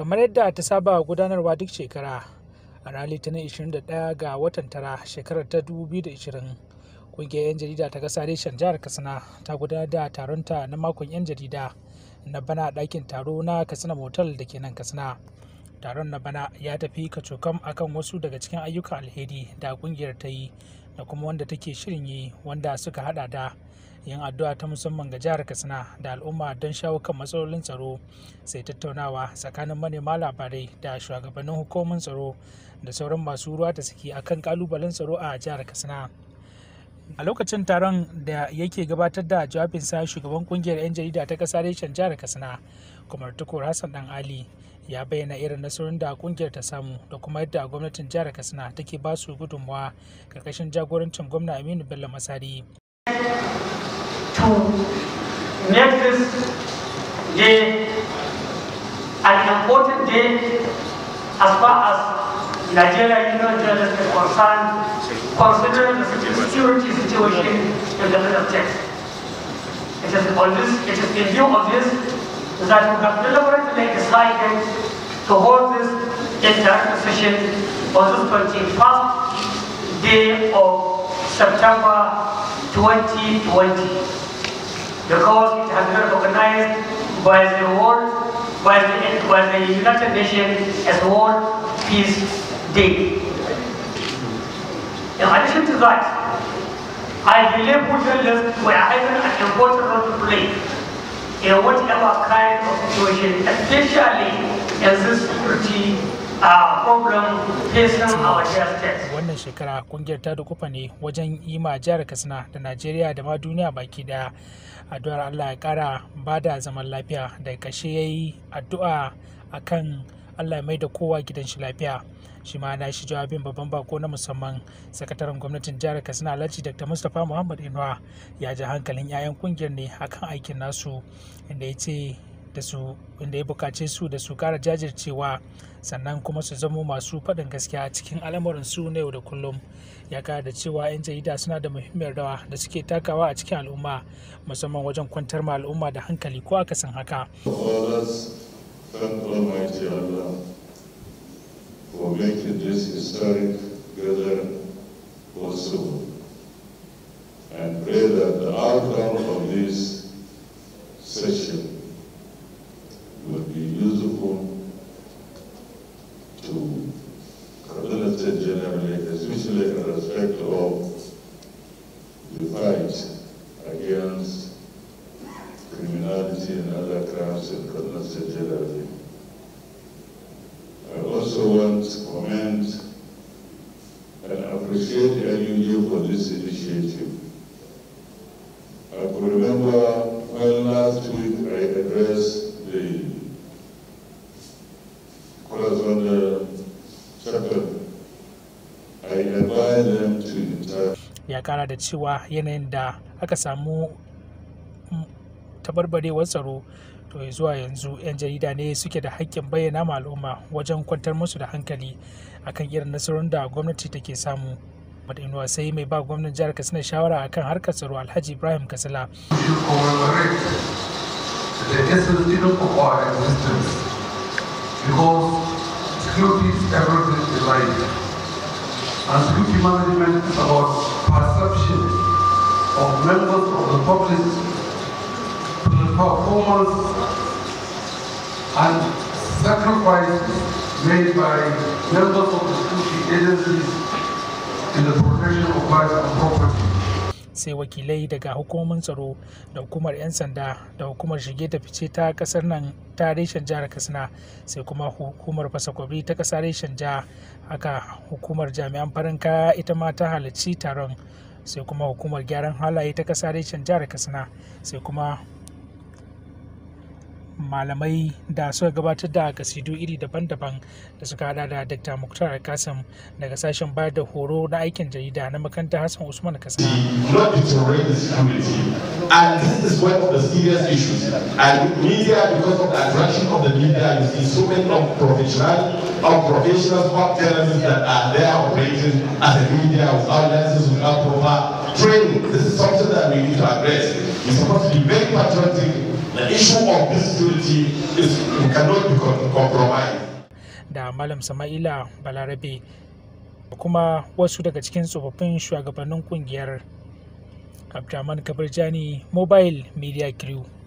kamar yadda ta saba gudanarwa duk shekara a ranar litinin 21 ga watan tara shekarar ta 2020 kungiyar 'yan jarida ta kasa reshen jihar katsina ta gudanar da taronta na makon 'yan jarida na bana ɗakin taro na katsina motar da ke nan katsina taron na bana ya tafi kacokam akan wasu daga cikin ayyukan alheri da kungiyar ta yi da kuma wanda take shirin yi wanda suka hada da yin addu'a ta musamman ga jihar katsina da al'umma don shawo kan matsalolin tsaro sai tattaunawa tsakanin manema labarai da shugabannin hukumomin tsaro da sauran masu ruwa ta saki akan kalubalen tsaro a jihar katsina a lokacin taron da yake gabatar da jawabinsa shugaban kungiyar 'yan jarida ta kasa reshen jihar katsina kamar tukur hassan dan ali ya bayyana irin nasarorin da kungiyar ta samu da kuma yadda gwamnatin jihar katsina take ba su gudunmawa karkashin jagorancin gwamna aminu bello masari Next make this day an important day as far as Nigeria Union is concerned, considering the security situation in the Middle States. It is on this, it is in view of this that we have deliberately decided to hold this international session on this 21st day of September 2020 because it has been recognized by the World, by the, by the United Nations as World Peace Day. In addition to that, I believe journalists were having an important role to play in whatever kind of situation, especially in this security wannan shekara kungiyar ta da kufa ne wajen yi ma jihar katsina da najeriya da ma duniya baki daya addu'ar allah ya kara ba da zaman lafiya da kashe ya yi addu'a a kan allah mai da kowa gidan shi lafiya shi ma na shi jawabin babban bako na musamman sakataren gwamnatin jihar katsina alhaji dr mustapha muhammad inuwa ya ji hankalin 'ya'yan kungiyar ne akan aikin nasu inda ya ce da su inda ya bukace su da su kara jajircewa sannan kuma su zama masu faɗin gaskiya cikin al'amuran su na yau da kullum ya kara da cewa 'yan jarida suna da muhimmiyar rawa da suke takawa a cikin al'umma musamman wajen kwantar ma al'umma da hankali ko akasin haka And pray that the outcome of this session other and I also want to commend and appreciate LUU for this initiative. I could remember when last week I addressed the scholars on the chapel, I advised them to interpret. Yakara kara da cewa taɓarɓarewar tsaro to zuwa yanzu 'yan jarida ne suke da hakkin bayyana ma al'umma wajen kwantar musu da hankali akan irin nasarorin da gwamnati take samu inuwa sai mai ba gwamnan jihar katsina shawara akan harkar tsaro alhaji ibrahim katsina security management is about perception of members of the public performance and sacrifice made by members of the security agencies in the protection of life and property. sai wakilai daga hukumomin tsaro da hukumar 'yan sanda da hukumar shige ta fice ta kasar nan ta reshen jihar katsina sai kuma hukumar fasakwabi ta kasa reshen ja haka hukumar jami'an farin kaya ita ma ta halarci taron sai kuma hukumar gyaran halaye ta kasa reshen jihar katsina sai kuma malamai da suka gabatar da kasidu iri daban-daban da suka hada da dr muktar kasim daga sashen bayar da horo na aikin jarida na makarantar hassan usman kasa And this is one of the serious issues. And media, because of the attraction of the media, you see so many of professional, of professionals, of terrorists that are there operating as a media without licenses, without proper training. This is something that we need to address. We're supposed to be very patriotic of security is cannot be compromised. Da Malam Sama'ila Balarabe kuma wasu daga cikin tsofaffin shugabannin kungiyar Abdulrahman Kabirjani Mobile Media Crew.